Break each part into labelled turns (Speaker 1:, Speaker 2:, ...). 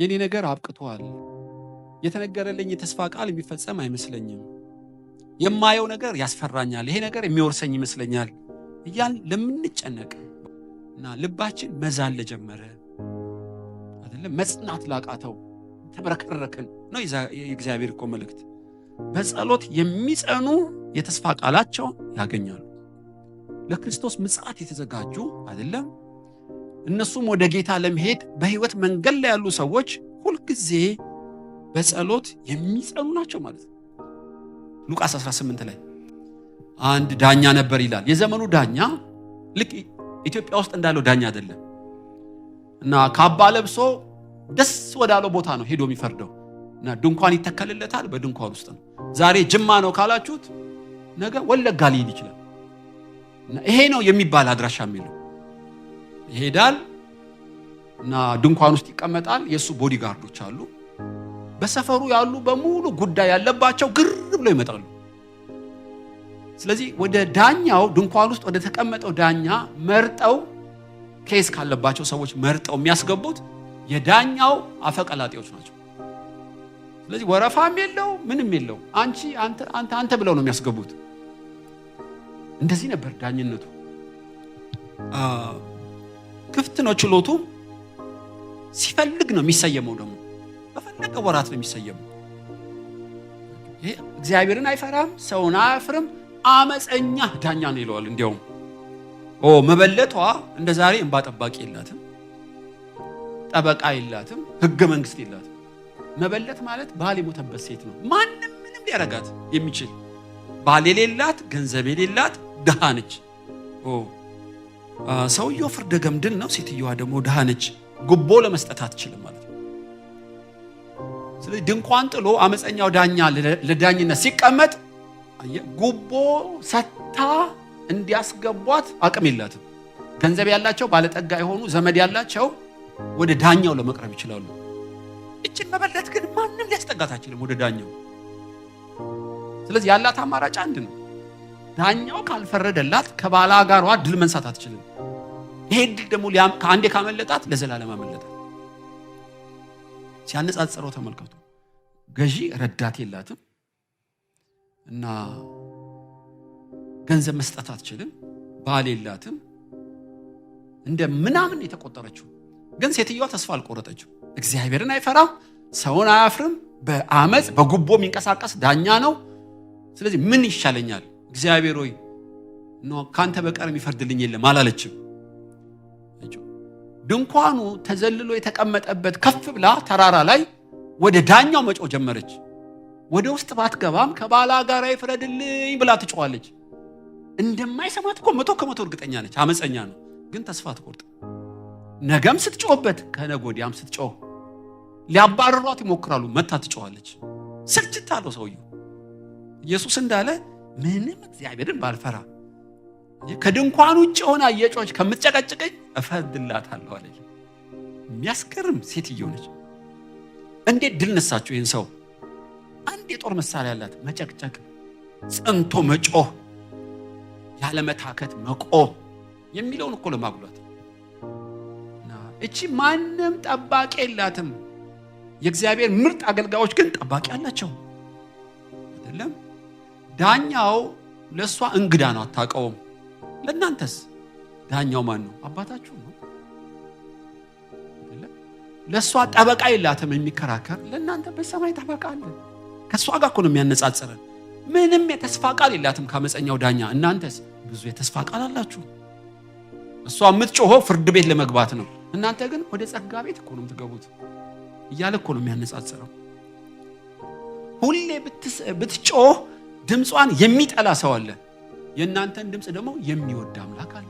Speaker 1: የእኔ ነገር አብቅቷል። የተነገረልኝ የተስፋ ቃል የሚፈጸም አይመስለኝም። የማየው ነገር ያስፈራኛል። ይሄ ነገር የሚወርሰኝ ይመስለኛል እያል ለምንጨነቅ እና ልባችን መዛን ለጀመረ አይደለም መጽናት ላቃተው ተብረከረክን ነው የእግዚአብሔር እኮ መልእክት። በጸሎት የሚጸኑ የተስፋ ቃላቸው ያገኛሉ። ለክርስቶስ ምጽአት የተዘጋጁ አይደለም እነሱም ወደ ጌታ ለመሄድ በህይወት መንገድ ላይ ያሉ ሰዎች ሁልጊዜ በጸሎት የሚጸኑ ናቸው ማለት ነው። ሉቃስ 18 ላይ አንድ ዳኛ ነበር ይላል። የዘመኑ ዳኛ ልክ ኢትዮጵያ ውስጥ እንዳለው ዳኛ አይደለም እና ካባ ለብሶ ደስ ወዳለው ቦታ ነው ሄዶ የሚፈርደው እና ድንኳን ይተከልለታል። በድንኳን ውስጥ ነው። ዛሬ ጅማ ነው ካላችሁት ነገ ወለጋ ሊሄድ ይችላል። ይሄ ነው የሚባል አድራሻ የሚለው ይሄዳል እና ድንኳን ውስጥ ይቀመጣል። የእሱ ቦዲ ጋርዶች አሉ። በሰፈሩ ያሉ በሙሉ ጉዳይ ያለባቸው ግር ብለው ይመጣሉ። ስለዚህ ወደ ዳኛው ድንኳን ውስጥ ወደ ተቀመጠው ዳኛ መርጠው ኬስ ካለባቸው ሰዎች መርጠው የሚያስገቡት የዳኛው አፈቀላጤዎች ናቸው። ስለዚህ ወረፋም የለው ምንም የለው። አንቺ አንተ አንተ ብለው ነው የሚያስገቡት። እንደዚህ ነበር ዳኝነቱ። ክፍት ነው ችሎቱ። ሲፈልግ ነው የሚሰየመው። ደግሞ በፈለገ ወራት ነው የሚሰየመው። እግዚአብሔርን አይፈራም፣ ሰውን አያፍርም፣ አመፀኛ ዳኛ ነው ይለዋል። እንዲያውም ኦ መበለቷ እንደ ዛሬ እንባ ጠባቂ የላትም፣ ጠበቃ የላትም፣ ህገ መንግስት የላትም። መበለት ማለት ባል የሞተበት ሴት ነው። ማንም ምንም ሊያረጋት የሚችል ባል የሌላት ገንዘብ የሌላት ድሃ ነች። ሰውየው ፍርደ ገምድል ነው፣ ሴትየዋ ደግሞ ድሃ ነች። ጉቦ ለመስጠት አትችልም ማለት ነው። ስለዚህ ድንኳን ጥሎ አመፀኛው ዳኛ ለዳኝነት ሲቀመጥ ጉቦ ሰታ እንዲያስገቧት አቅም የላትም። ገንዘብ ያላቸው ባለጠጋ የሆኑ ዘመድ ያላቸው ወደ ዳኛው ለመቅረብ ይችላሉ። እችን መበለት ግን ማንም ሊያስጠጋት አይችልም ወደ ዳኛው። ስለዚህ ያላት አማራጭ አንድ ነው። ዳኛው ካልፈረደላት ከባላጋሯ ድል መንሳት አትችልም። ይሄ ድል ደግሞ ከአንዴ ካመለጣት ለዘላለም አመለጣት። ሲያነጻጽረው ተመልከቱ። ገዢ ረዳት የላትም እና ገንዘብ መስጠት አትችልም። ባል የላትም እንደ ምናምን የተቆጠረችው። ግን ሴትዮዋ ተስፋ አልቆረጠችው። እግዚአብሔርን አይፈራም፣ ሰውን አያፍርም፣ በአመፅ በጉቦ የሚንቀሳቀስ ዳኛ ነው። ስለዚህ ምን ይሻለኛል እግዚአብሔር ሆይ ከአንተ በቀር የሚፈርድልኝ የለም አላለችም። ድንኳኑ ተዘልሎ የተቀመጠበት ከፍ ብላ ተራራ ላይ ወደ ዳኛው መጮ ጀመረች። ወደ ውስጥ ባትገባም ከባላ ጋር ይፍረድልኝ ብላ ትጮዋለች። እንደማይሰማት እኮ መቶ ከመቶ እርግጠኛ ነች። አመፀኛ ነው፣ ግን ተስፋ ትቆርጥ። ነገም ስትጮበት፣ ከነገ ወዲያም ሊያባረሯት ይሞክራሉ። መታ ትጮዋለች። ስልችት አለው ሰውየው። ኢየሱስ እንዳለ ምንም እግዚአብሔርን ባልፈራ ከድንኳን ውጭ ሆና እየጮች ከምትጨቀጭቀኝ እፈርድላታለሁ አለች። የሚያስገርም ሴትዮ ነች። እንዴት ድል ነሳችሁ ይህን ሰው! አንድ የጦር መሳሪያ ያላት መጨቅጨቅ፣ ጸንቶ መጮህ፣ ያለመታከት መቆ የሚለውን እኮ ለማጉሏት እቺ ማንም ጠባቂ የላትም። የእግዚአብሔር ምርጥ አገልጋዮች ግን ጠባቂ አላቸው አይደለም? ዳኛው ለእሷ እንግዳ ነው፣ አታውቀውም። ለእናንተስ ዳኛው ማን ነው? አባታችሁ ነው። ለእሷ ጠበቃ የላትም የሚከራከር፣ ለእናንተ በሰማይ ጠበቃ አለ። ከእሷ ጋር ነው የሚያነጻጽረን። ምንም የተስፋ ቃል የላትም ከአመፀኛው ዳኛ። እናንተስ ብዙ የተስፋ ቃል አላችሁ። እሷ የምትጮሆ ፍርድ ቤት ለመግባት ነው፣ እናንተ ግን ወደ ጸጋ ቤት እኮ ነው የምትገቡት እያለ እኮ ነው የሚያነጻጽረው። ሁሌ ብትጮህ ድምጿን የሚጠላ ሰው አለ። የእናንተን ድምፅ ደግሞ የሚወድ አምላክ አለ።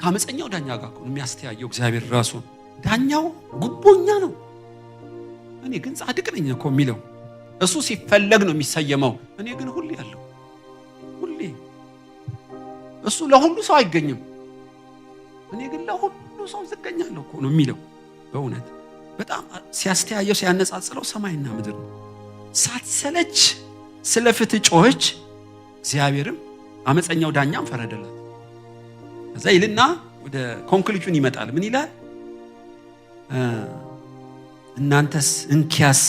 Speaker 1: ከአመፀኛው ዳኛ ጋር የሚያስተያየው እግዚአብሔር ራሱ ዳኛው ጉቦኛ ነው። እኔ ግን ጻድቅ ነኝ እኮ የሚለው እሱ ሲፈለግ ነው የሚሰየመው። እኔ ግን ሁሌ ያለው ሁሌ እሱ ለሁሉ ሰው አይገኝም። እኔ ግን ለሁሉ ሰው ዝገኛለሁ እኮ ነው የሚለው። በእውነት በጣም ሲያስተያየው ሲያነጻጽለው ሰማይና ምድር ነው ሳትሰለች ስለ ፍትህ ጮኸች። እግዚአብሔርም አመፀኛው ዳኛም ፈረደላት። ከዛ ይልና ወደ ኮንክሉዥን ይመጣል። ምን ይላል? እናንተስ እንኪያስ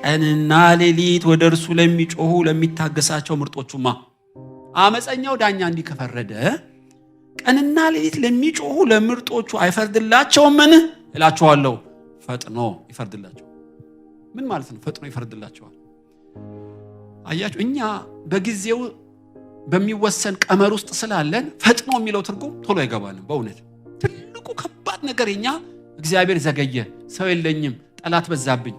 Speaker 1: ቀንና ሌሊት ወደ እርሱ ለሚጮሁ ለሚታገሳቸው ምርጦቹማ አመፀኛው ዳኛ እንዲህ ከፈረደ ቀንና ሌሊት ለሚጮሁ ለምርጦቹ አይፈርድላቸውምን? እላችኋለሁ፣ ፈጥኖ ይፈርድላቸዋል። ምን ማለት ነው? ፈጥኖ ይፈርድላቸዋል። አያችሁ እኛ በጊዜው በሚወሰን ቀመር ውስጥ ስላለን ፈጥኖ የሚለው ትርጉም ቶሎ አይገባንም። በእውነት ትልቁ ከባድ ነገር የኛ እግዚአብሔር ዘገየ፣ ሰው የለኝም፣ ጠላት በዛብኝ።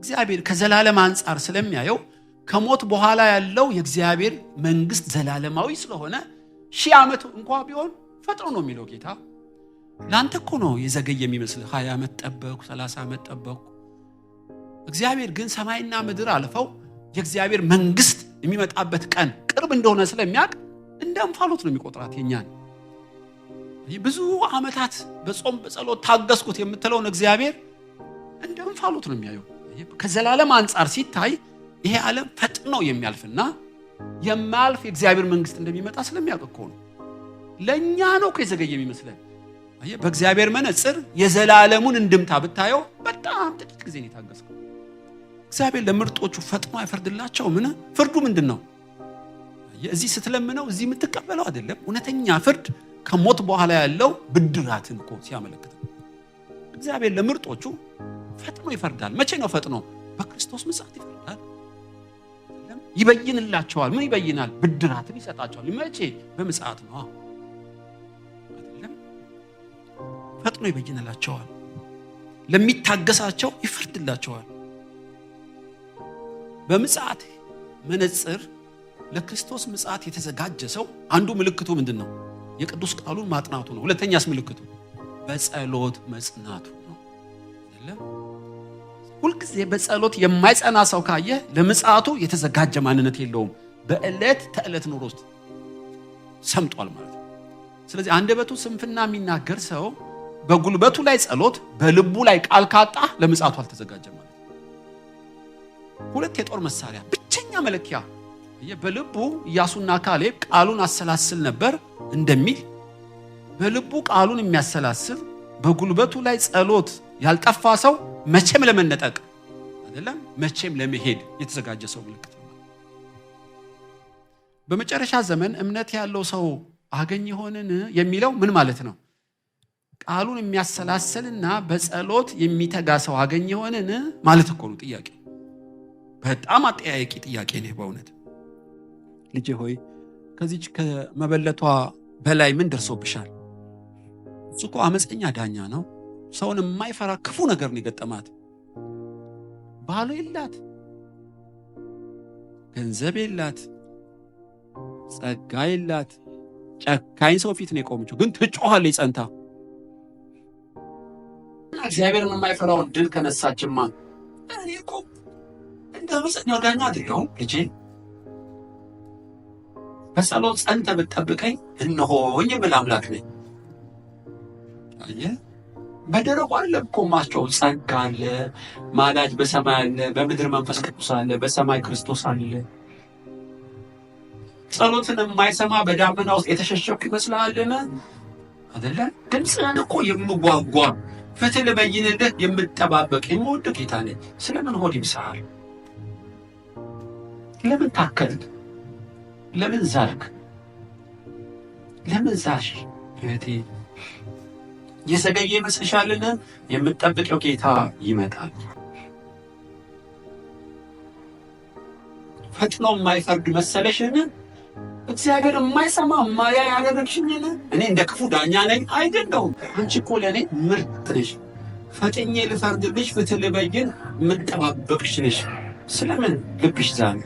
Speaker 1: እግዚአብሔር ከዘላለም አንጻር ስለሚያየው ከሞት በኋላ ያለው የእግዚአብሔር መንግስት ዘላለማዊ ስለሆነ ሺህ ዓመት እንኳ ቢሆን ፈጥኖ ነው የሚለው ጌታ። ለአንተ እኮ ነው የዘገየ የሚመስል ሀያ ዓመት ጠበቅኩ፣ ሰላሳ ዓመት ጠበቅኩ። እግዚአብሔር ግን ሰማይና ምድር አልፈው የእግዚአብሔር መንግስት የሚመጣበት ቀን ቅርብ እንደሆነ ስለሚያውቅ እንደ እንፋሎት ነው የሚቆጥራት የኛን ብዙ ዓመታት በጾም በጸሎት ታገስኩት የምትለውን እግዚአብሔር እንደ እንፋሎት ነው የሚያየው። ከዘላለም አንጻር ሲታይ ይሄ ዓለም ፈጥነው የሚያልፍና የማያልፍ የእግዚአብሔር መንግስት እንደሚመጣ ስለሚያውቅ ነው። ለእኛ ነው ከዘገየ የሚመስለን። በእግዚአብሔር መነጽር የዘላለሙን እንድምታ ብታየው በጣም ጥቂት ጊዜ ነው የታገስከው። እግዚአብሔር ለምርጦቹ ፈጥኖ አይፈርድላቸው? ምን ፍርዱ ምንድን ነው? እዚህ ስትለምነው እዚህ የምትቀበለው አይደለም። እውነተኛ ፍርድ ከሞት በኋላ ያለው ብድራትን እኮ ሲያመለክት እግዚአብሔር ለምርጦቹ ፈጥኖ ይፈርዳል። መቼ ነው ፈጥኖ? በክርስቶስ ምጽት ይፈርዳል። ይበይንላቸዋል። ምን ይበይናል? ብድራትን ይሰጣቸዋል። መቼ? በምጽአት ነው አይደለም? ፈጥኖ ይበይንላቸዋል። ለሚታገሳቸው ይፈርድላቸዋል። በምጽአት መነጽር ለክርስቶስ ምጽአት የተዘጋጀ ሰው አንዱ ምልክቱ ምንድን ነው? የቅዱስ ቃሉን ማጥናቱ ነው። ሁለተኛስ ምልክቱ በጸሎት መጽናቱ ነው። ሁልጊዜ በጸሎት የማይጸና ሰው ካየ ለምጽአቱ የተዘጋጀ ማንነት የለውም። በዕለት ተዕለት ኑሮ ውስጥ ሰምጧል ማለት ነው። ስለዚህ አንደበቱ ስንፍና የሚናገር ሰው በጉልበቱ ላይ ጸሎት፣ በልቡ ላይ ቃል ካጣ ለምጽአቱ አልተዘጋጀ ማለት ነው። ሁለት የጦር መሳሪያ ብቸኛ መለኪያ በልቡ ኢያሱና ካሌብ ቃሉን አሰላስል ነበር እንደሚል በልቡ ቃሉን የሚያሰላስል በጉልበቱ ላይ ጸሎት ያልጠፋ ሰው መቼም ለመነጠቅ አይደለም መቼም ለመሄድ የተዘጋጀ ሰው ምልክት ነው። በመጨረሻ ዘመን እምነት ያለው ሰው አገኝ ይሆንን የሚለው ምን ማለት ነው? ቃሉን የሚያሰላስልና በጸሎት የሚተጋ ሰው አገኝ ይሆንን ማለት እኮ ነው ጥያቄ በጣም አጠያያቂ ጥያቄ ነህ በእውነት ልጅ ሆይ ከዚች ከመበለቷ በላይ ምን ደርሶብሻል እሱ እኮ አመፀኛ ዳኛ ነው ሰውን የማይፈራ ክፉ ነገር ነው የገጠማት ባህሉ የላት ገንዘብ የላት ጸጋ የላት ጨካኝ ሰው ፊት ነው የቆመችው ግን ትጮኋለች ጸንታ እግዚአብሔርን የማይፈራውን ድል ከነሳችማ እኔ እንደውስ ኖዳኛ አይደለሁም ልጄ በጸሎት ጸንተ ብትጠብቀኝ እነሆኝ የምል አምላክ ነኝ። በደረቁ አለ እኮ ማስቸው ጸጋ አለ፣ ማላጅ በሰማይ አለ፣ በምድር መንፈስ ቅዱስ አለ፣ በሰማይ ክርስቶስ አለ። ጸሎትን የማይሰማ በዳመና ውስጥ የተሸሸኩ ይመስልሃልን? አደለ ድምፅህን እኮ የምጓጓ ፍትህ ልበይንልህ የምጠባበቅ የምወድ ጌታ ነኝ። ስለምን ሆድ ይብሳሃል? ለምን ታከልክ? ለምን ዛልክ? ለምን ዛሽ? እህቴ የዘገየ ይመስልሻልን? የምጠብቀው ጌታ ይመጣል። ፈጥኖ የማይፈርድ መሰለሽን? እግዚአብሔር የማይሰማ ማያ ያደረግሽኝን? እኔ እንደ ክፉ ዳኛ ነኝ አይደለሁም። አንቺ እኮ ለእኔ ምርጥ ነሽ። ፈጥኜ ልፈርድልሽ፣ ፍትህ ልበይን የምጠባበቅሽ ነሽ። ስለምን ልብሽ ዛል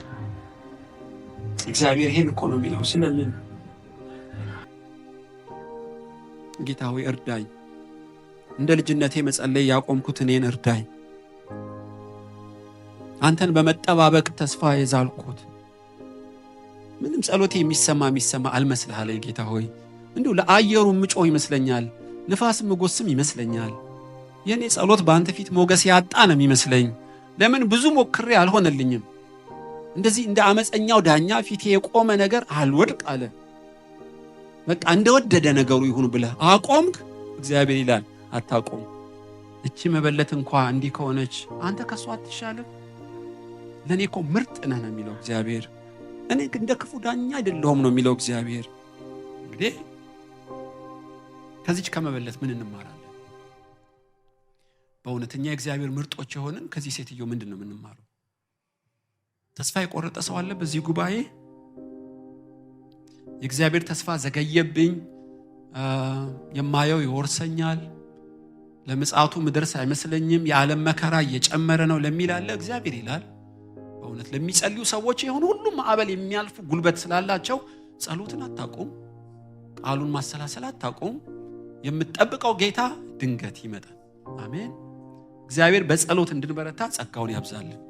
Speaker 1: እግዚአብሔር ይሄን እኮ ነው የሚለው ስለምን ጌታ ሆይ እርዳኝ፣ እንደ ልጅነቴ መጸለይ ያቆምኩት እኔን እርዳኝ። አንተን በመጠባበቅ ተስፋ የዛልኩት ምንም ጸሎቴ የሚሰማ የሚሰማ አልመስልሃል ጌታ ሆይ። እንዲሁ ለአየሩ ምጮ ይመስለኛል፣ ንፋስ ምጎስም ይመስለኛል። የእኔ ጸሎት በአንተ ፊት ሞገስ ያጣ ነው የሚመስለኝ። ለምን ብዙ ሞክሬ አልሆነልኝም። እንደዚህ እንደ አመፀኛው ዳኛ ፊቴ የቆመ ነገር አልወድቅ አለ። በቃ እንደወደደ ነገሩ ይሁን ብለህ አቆምክ፣ እግዚአብሔር ይላል አታቆም። እቺ መበለት እንኳ እንዲህ ከሆነች አንተ ከሱ አትሻልም። ለእኔ እኮ ምርጥ ነህ ነው የሚለው እግዚአብሔር። እኔ እንደ ክፉ ዳኛ አይደለሁም ነው የሚለው እግዚአብሔር። እንግዲህ ከዚች ከመበለት ምን እንማራለን? በእውነተኛ የእግዚአብሔር ምርጦች የሆንን ከዚህ ሴትዮ ምንድን ነው የምንማረው? ተስፋ የቆረጠ ሰው አለ በዚህ ጉባኤ? የእግዚአብሔር ተስፋ ዘገየብኝ፣ የማየው ይወርሰኛል፣ ለምጻቱ ምድርስ አይመስለኝም፣ የዓለም መከራ እየጨመረ ነው ለሚል አለ። እግዚአብሔር ይላል በእውነት ለሚጸልዩ ሰዎች የሆኑ ሁሉ ማዕበል የሚያልፉ ጉልበት ስላላቸው ጸሎትን አታቁም፣ ቃሉን ማሰላሰል አታቁም። የምትጠብቀው ጌታ ድንገት ይመጣል። አሜን። እግዚአብሔር በጸሎት እንድንበረታ ጸጋውን ያብዛልን።